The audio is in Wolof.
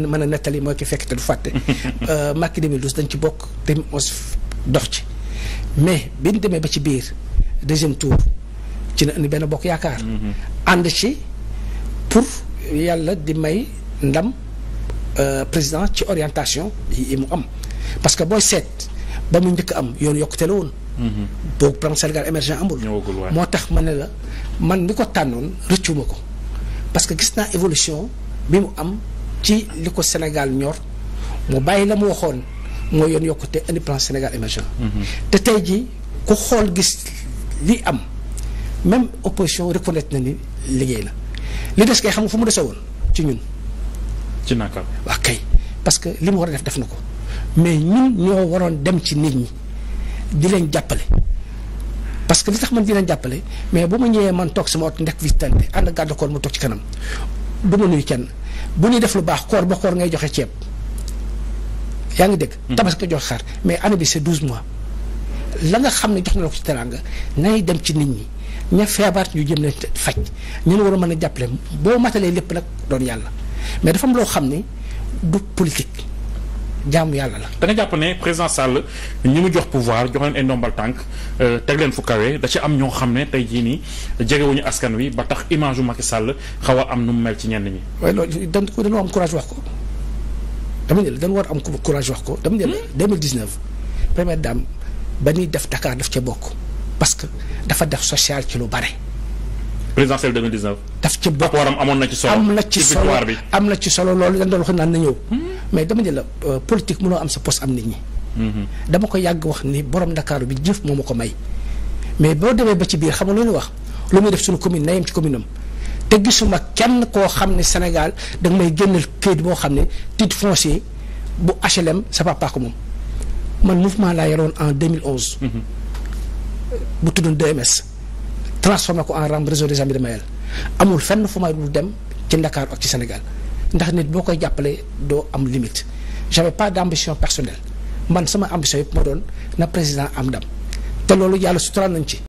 mën a nettali mooy ki fekk te du fàtte euh, Macky 2012 dañ ci bokk te mos dox ci mais biñ demee ba ci biir deuxième tour ci na benn bokk yaakaar mm-hmm. ànd ci pour yàlla di may ndam euh, président ci orientation yi mu am parce que booy seet ba mu njëkk am yoon yokkute la woon mm-hmm. boobu plan Sénégal émergent amul moo tax ma ne la man mi ko tànnoon rëccuma ko parce que gis naa évolution bi mu am ci li ko Sénégal ñor mu bàyyi la mu waxoon mooy yoon yokkute indi plan Sénégal émergent mhm. te tey jii ku xool gis li am même opposition reconnaître na ni liggéey na li des kay xam nga fu mu dese woon ci ñun. ci naka waa kay parce que li mu war a def def na ko mais ñun ñoo waroon dem ci nit ñi di leen jàppale parce que li tax man di leen jàppale mais bu ma ñëwee man toog sama oto nekk visitante ànd gàddu kool mu toog ci kanam bu ma nuyu kenn. bu ñuy def lu baax koor ba koor ngay joxe ceeb yaa ngi dégg. Hmm. tabaski jox xar mais année bi c'est douze mois. la nga xam ne jox na la ko ci teraanga nay dem ci nit ñi ña feebar ñu jëm leen faj ñu ne war a mën a jàppale boo matalee lépp nag doon yàlla mais dafa am loo xam ne du politique. jaamu yàlla la. da nga jàpp ne président Sall ñi mu jox pouvoir jox leen ay ndombal tànk euh, teg leen fu kawe da ci am ñoo xam ne tey jii nii jegewuñu askan wi ba tax image yu Macky Sall xaw a am nu mu mel ci ñenn ñi. waaye loolu dañ ko dañoo am courage wax ko dama ne la dañu war am courage wax ko dama ne la 2019 hmm? première dame ba ñuy def Dakar daf ca bokk parce que dafa def social ci lu bare. présidentielle 2019. daf ca bokk waram amoon na ci solo. am na ci solo am na ci solo loolu dañ doon wax naan na ñëw. Hmm? mais dama ne la euh, politique loo am sa poste am nit ñi. Mm-hmm. dama ko yàgg wax ni borom ndakaaru bi jëf moo ma ko may. mais boo demee ba ci biir xam nga loolu wax lu may def suñu commune na ci commune am te gisuma kenn koo xam ne Sénégal da may génnal këyit boo xam ne titre foncier bu HLM sa papa ko moom man mouvement laa yoroon en 2011. Mm-hmm. bu tuddoon DMS. transformé ko en ramb réseau des amis de Mayel amul fenn fu may bu dem ci Ndakaaru ak ci Sénégal. ndax nit boo koy jàppalee doo am limite j'avais pas d'ambition personnelle man sama ambition yëpp moo doon na président am dam te loolu yàlla sutural nañ ci